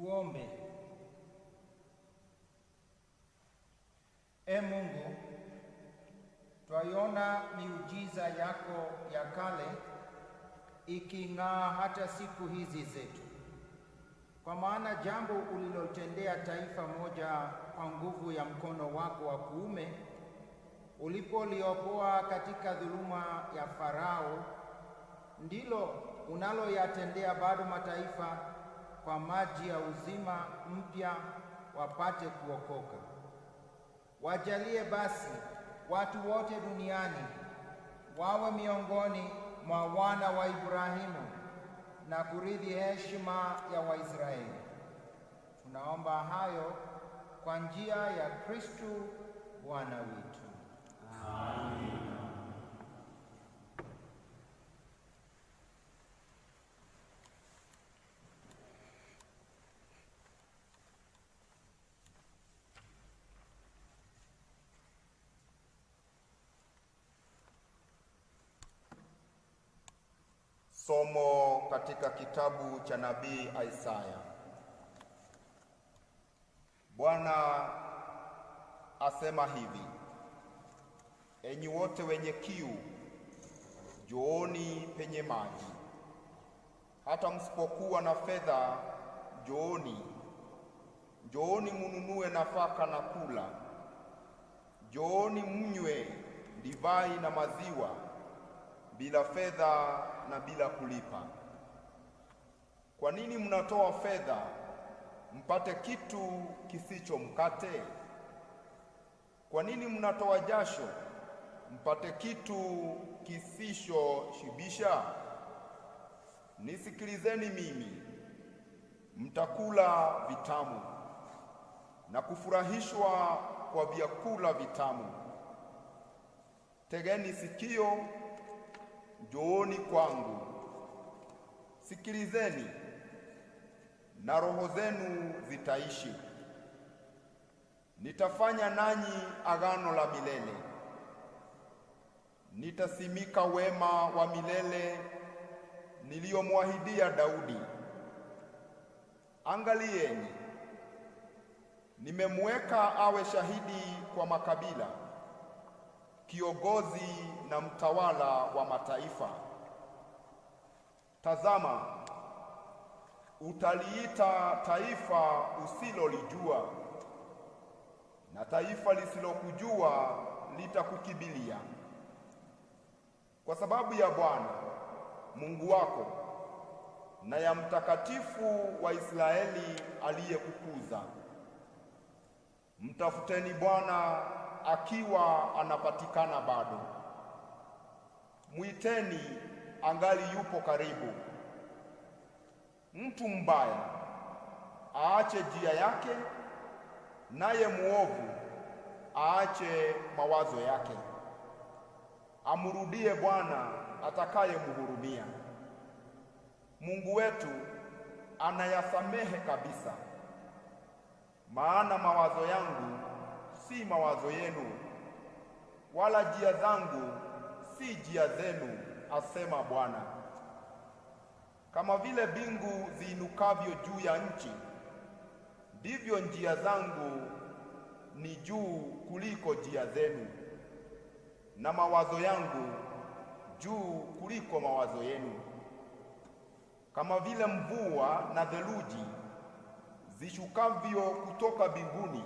Tuombe. E Mungu, twaiona miujiza yako ya kale iking'aa hata siku hizi zetu, kwa maana jambo ulilotendea taifa moja kwa nguvu ya mkono wako wa kuume ulipoliopoa katika dhuluma ya Farao ndilo unaloyatendea bado mataifa kwa maji ya uzima mpya wapate kuokoka. Wajalie basi watu wote duniani wawe miongoni mwa wana wa Ibrahimu na kurithi heshima ya Waisraeli. Tunaomba hayo kwa njia ya Kristu Bwana wetu. Amen. Somo katika kitabu cha nabii Isaya. Bwana asema hivi: enyi wote wenye kiu, jooni penye maji, hata msipokuwa na fedha, jooni, jooni mununue nafaka na kula, jooni mnywe divai na maziwa, bila fedha na bila kulipa. Kwa nini mnatoa fedha mpate kitu kisicho mkate? Kwa nini mnatoa jasho mpate kitu shibisha? Nisikilizeni mimi, mtakula vitamu na kufurahishwa kwa vyakula vitamu. Tegeni sikio Njooni kwangu, sikilizeni na roho zenu zitaishi. Nitafanya nanyi agano la milele, nitasimika wema wa milele niliyomwahidia Daudi. Angalieni, nimemweka awe shahidi kwa makabila kiongozi na mtawala wa mataifa. Tazama, utaliita taifa usilolijua, na taifa lisilokujua litakukibilia, kwa sababu ya Bwana Mungu wako na ya mtakatifu wa Israeli aliyekukuza. Mtafuteni Bwana akiwa anapatikana bado, mwiteni angali yupo karibu. Mtu mbaya aache njia yake, naye muovu aache mawazo yake, amurudie Bwana atakayemhurumia. Mungu wetu anayasamehe kabisa maana mawazo yangu si mawazo yenu, wala njia zangu si njia zenu, asema Bwana. Kama vile mbingu ziinukavyo juu ya nchi, ndivyo njia zangu ni juu kuliko njia zenu, na mawazo yangu juu kuliko mawazo yenu. Kama vile mvua na theluji zishukavyo kutoka mbinguni,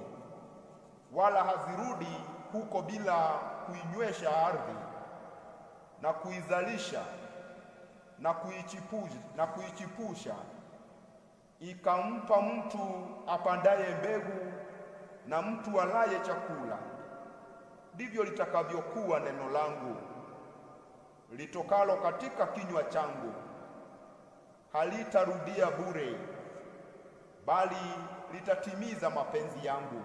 wala hazirudi huko bila kuinywesha ardhi na kuizalisha na kuichipusha, na kuichipusha ikampa mtu apandaye mbegu na mtu alaye chakula. Ndivyo litakavyokuwa neno langu litokalo katika kinywa changu, halitarudia bure bali litatimiza mapenzi yangu,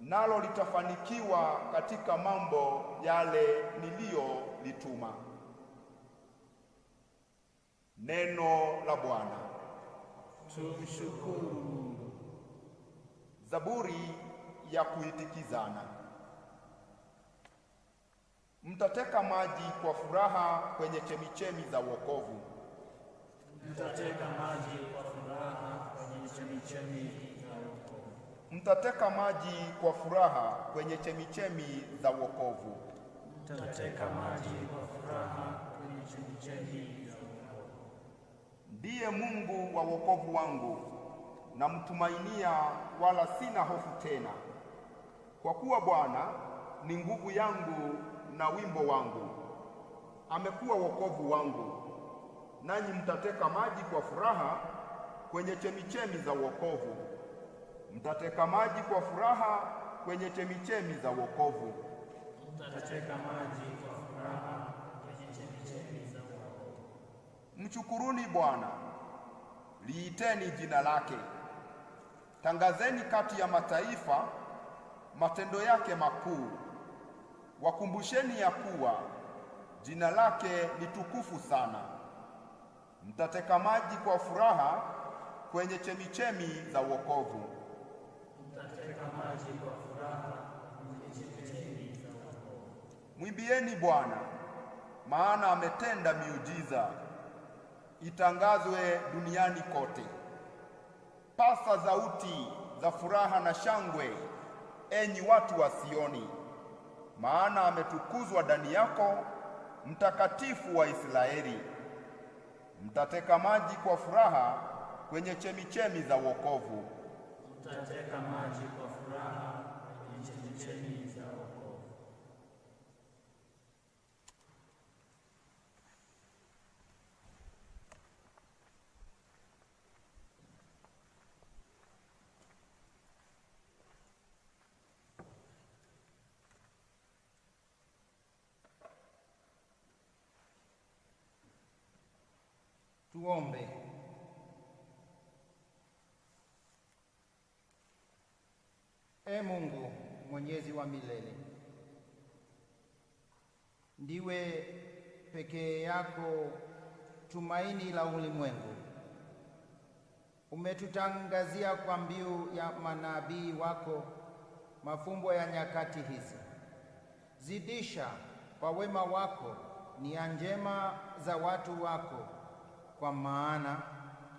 nalo litafanikiwa katika mambo yale niliyolituma. Neno la Bwana. Tumshukuru. Zaburi ya kuitikizana. Mtateka maji kwa furaha kwenye chemichemi za wokovu. Mtateka maji kwa furaha chemichemi za wokovu. Mtateka maji kwa furaha kwenye chemichemi za wokovu. Mtateka maji kwa furaha kwenye chemichemi za wokovu. Ndiye Mungu wa wokovu wangu, namtumainia wala sina hofu tena, kwa kuwa Bwana ni nguvu yangu na wimbo wangu, amekuwa wokovu wangu. Nanyi mtateka maji kwa furaha kwenye chemichemi za wokovu, mtateka maji kwa furaha kwenye chemichemi za wokovu, mtateka maji kwa furaha kwenye chemichemi za wokovu. Mshukuruni Bwana, liiteni jina lake, tangazeni kati ya mataifa matendo yake makuu, wakumbusheni ya kuwa jina lake ni tukufu sana. Mtateka maji kwa furaha kwenye chemichemi za wokovu. maji kwa furaha za Mwimbieni Bwana, maana ametenda miujiza. Itangazwe duniani kote. Pasa sauti za furaha na shangwe, enyi watu wa Sioni, maana ametukuzwa ndani yako, mtakatifu wa Israeli. Mtateka maji kwa furaha kwenye chemichemi za wokovu. Tutateka maji kwa furaha kwenye chemichemi za wokovu. Tuombe. E Mungu Mwenyezi wa milele, ndiwe pekee yako tumaini la ulimwengu. Umetutangazia kwa mbiu ya manabii wako mafumbo ya nyakati hizi. Zidisha kwa wema wako nia njema za watu wako, kwa maana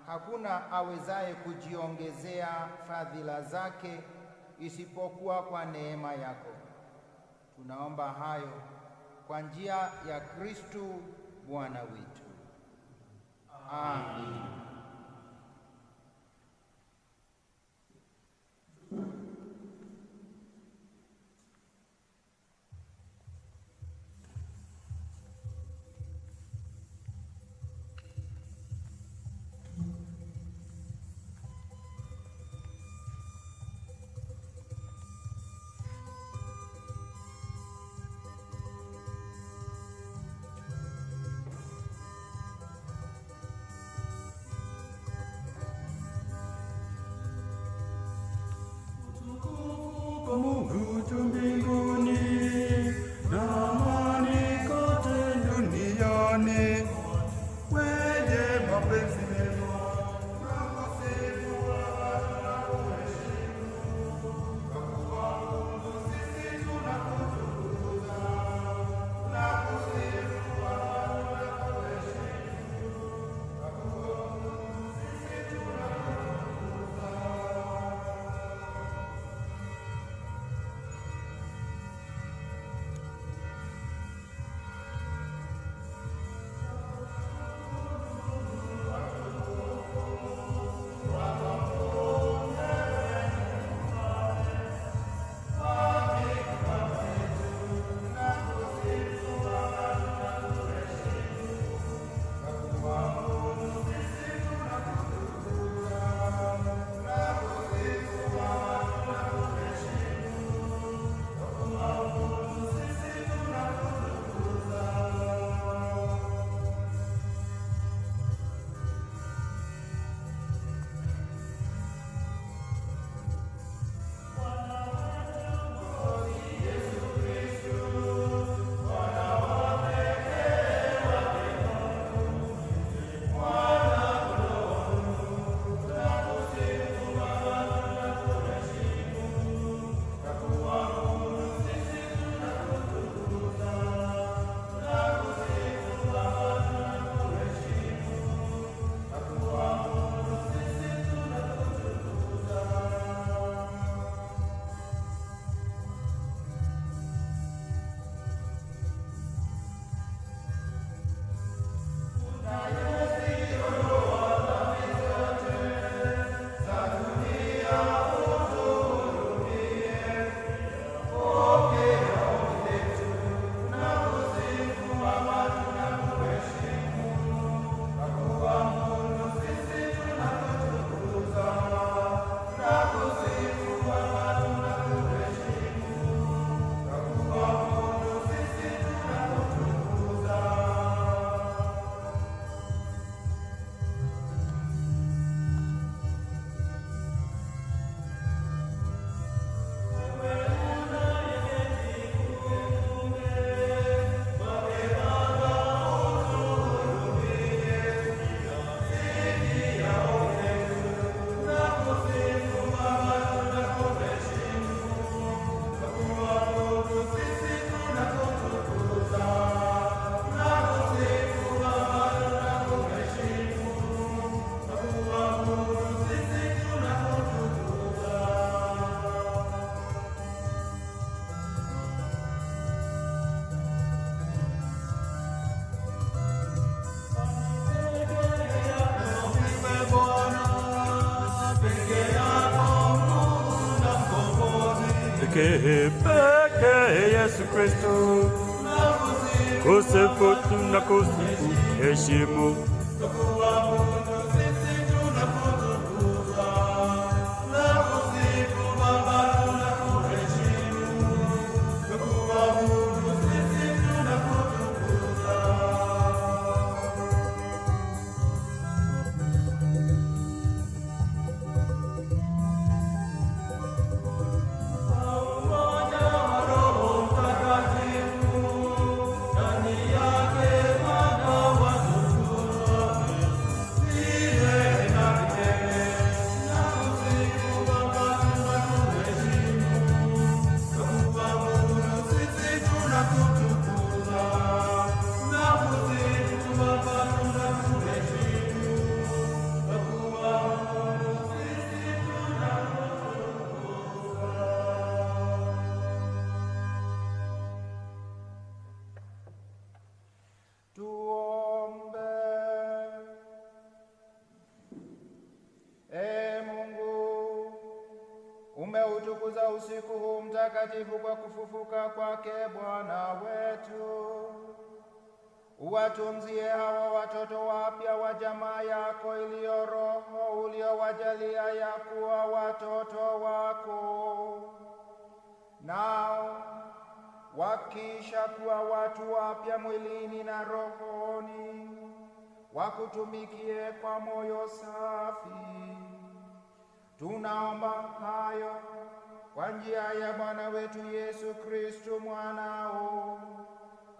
hakuna awezaye kujiongezea fadhila zake isipokuwa kwa neema yako. Tunaomba hayo kwa njia ya Kristu Bwana wetu. Amen. to me. usiku huu mtakatifu kwa kufufuka kwake Bwana wetu. Watunzie hawa watoto wapya wa jamaa yako iliyo roho uliowajalia ya kuwa watoto wako, nao wakisha kuwa watu wapya mwilini na rohoni, wakutumikie kwa moyo safi. Tunaomba hayo kwa njia ya Bwana wetu Yesu Kristo mwanao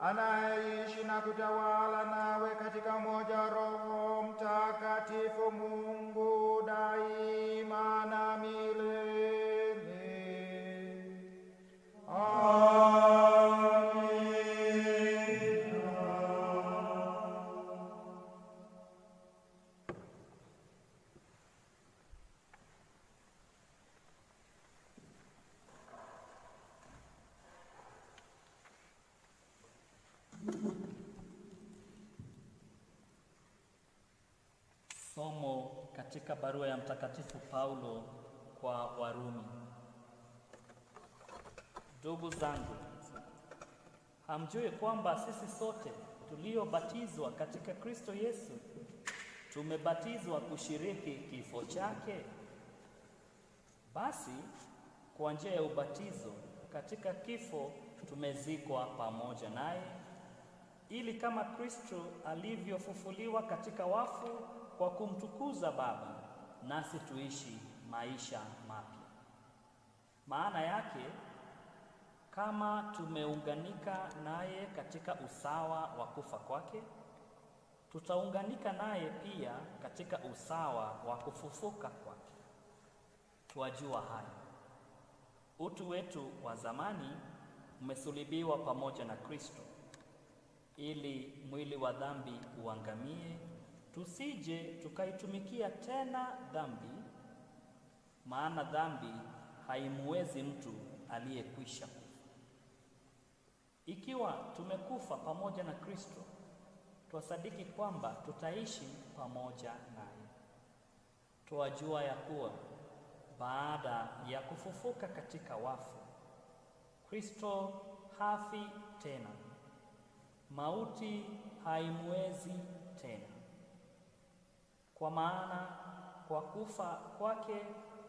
anayeishi na kutawala nawe katika moja Roho Mtakatifu Mungu katika barua ya Mtakatifu Paulo kwa Warumi. Ndugu zangu, hamjui kwamba sisi sote tuliobatizwa katika Kristo Yesu tumebatizwa kushiriki kifo chake? Basi kwa njia ya ubatizo katika kifo tumezikwa pamoja naye, ili kama Kristo alivyofufuliwa katika wafu kwa kumtukuza Baba, nasi tuishi maisha mapya. Maana yake kama tumeunganika naye katika usawa wa kufa kwake, tutaunganika naye pia katika usawa wa kufufuka kwake. Twajua haya, utu wetu wa zamani umesulibiwa pamoja na Kristo, ili mwili wa dhambi uangamie tusije tukaitumikia tena dhambi, maana dhambi haimuwezi mtu aliyekwisha kufa. Ikiwa tumekufa pamoja na Kristo, twasadiki kwamba tutaishi pamoja naye. Twajua ya kuwa baada ya kufufuka katika wafu, Kristo hafi tena, mauti haimuwezi tena kwa maana kwa kufa kwake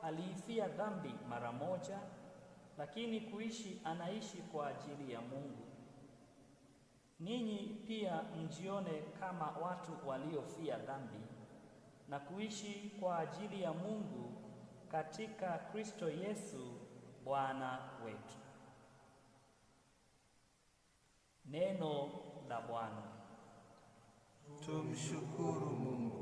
aliifia dhambi mara moja, lakini kuishi anaishi kwa ajili ya Mungu. Ninyi pia mjione kama watu waliofia dhambi na kuishi kwa ajili ya Mungu katika Kristo Yesu Bwana wetu. Neno la Bwana. Tumshukuru Mungu.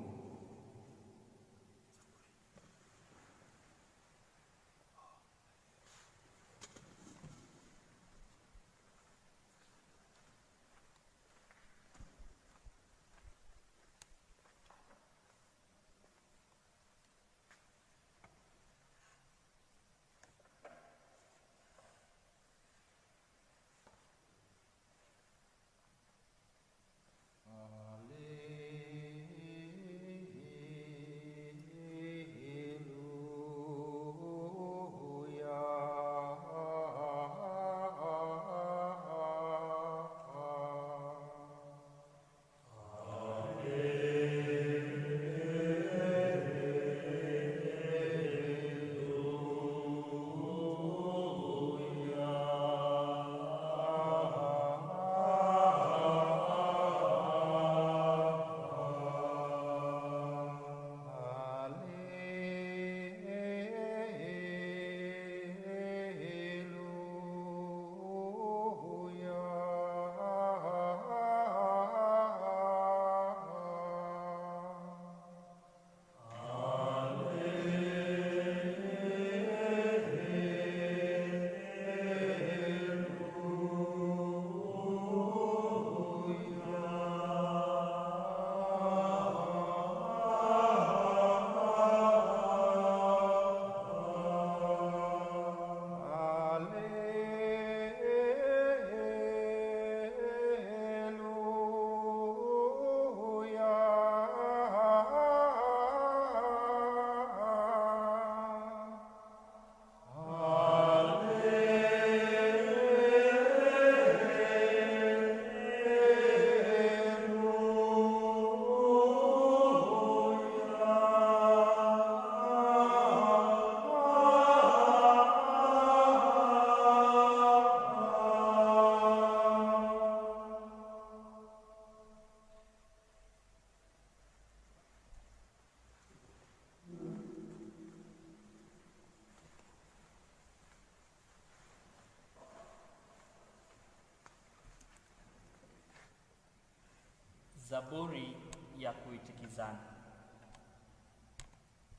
Zaburi ya kuitikizana.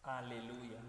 Aleluya.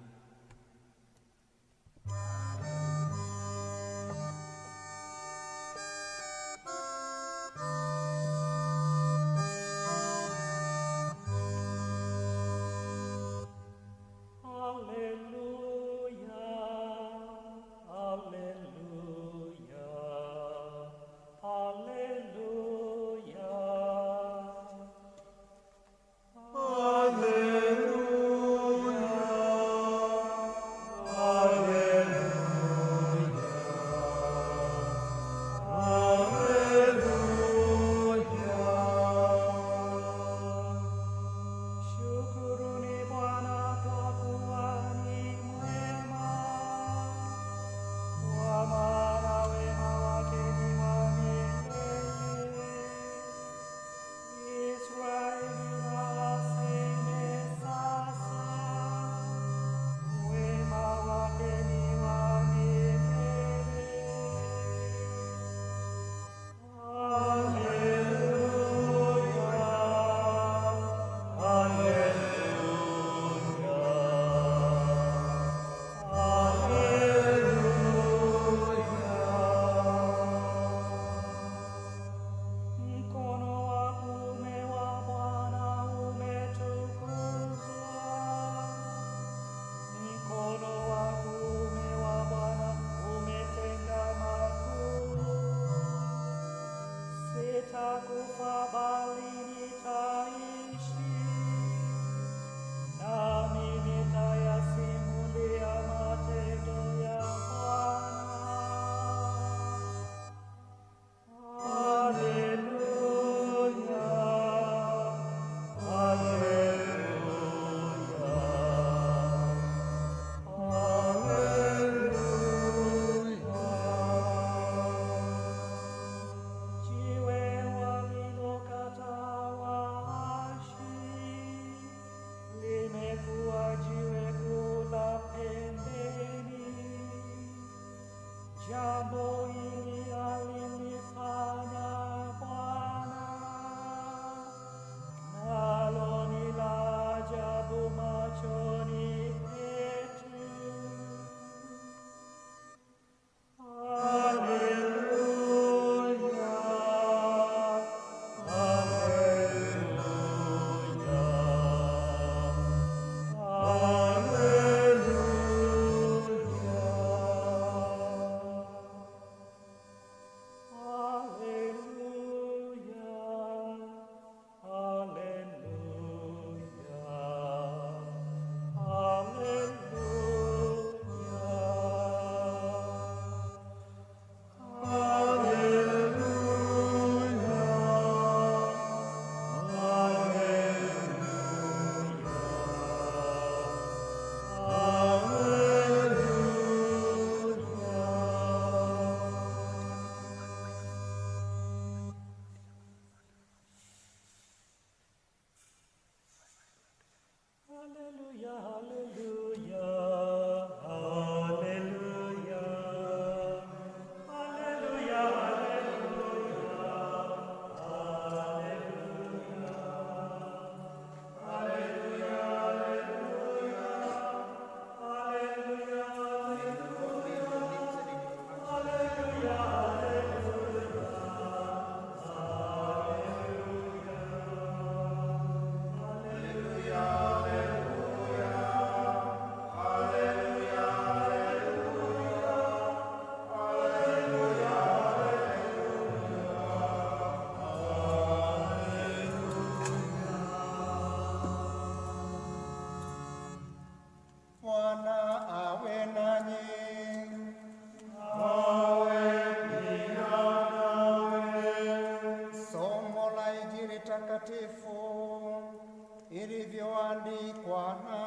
ดีกว่านะ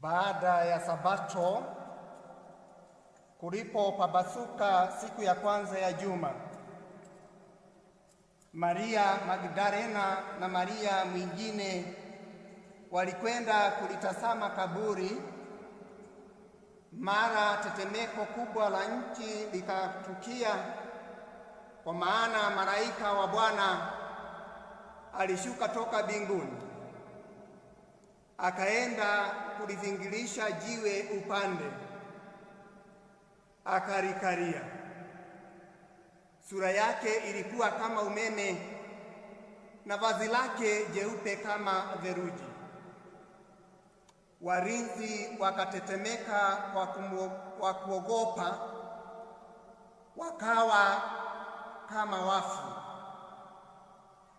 Baada ya Sabato pabasuka siku ya kwanza ya juma, Maria Magdalena na Maria mwingine walikwenda kulitazama kaburi. Mara tetemeko kubwa la nchi likatukia, kwa maana malaika wa Bwana alishuka toka binguni akaenda kulivingilisha jiwe upande, akarikaria. Sura yake ilikuwa kama umeme na vazi lake jeupe kama theluji. Warinzi wakatetemeka kwa kuogopa, wakawa kama wafu.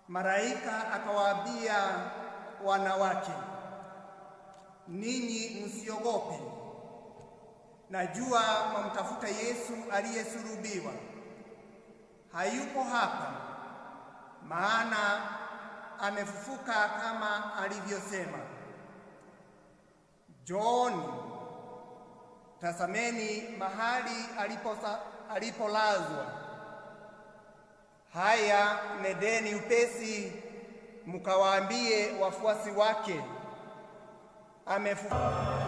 Malaika akawaambia wanawake ninyi msiogope, najua mwamtafuta Yesu aliyesulubiwa, hayupo hapa, maana amefufuka kama alivyosema. Njooni tazameni mahali alipolazwa. Haya, nedeni upesi mkawaambie wafuasi wake I'm a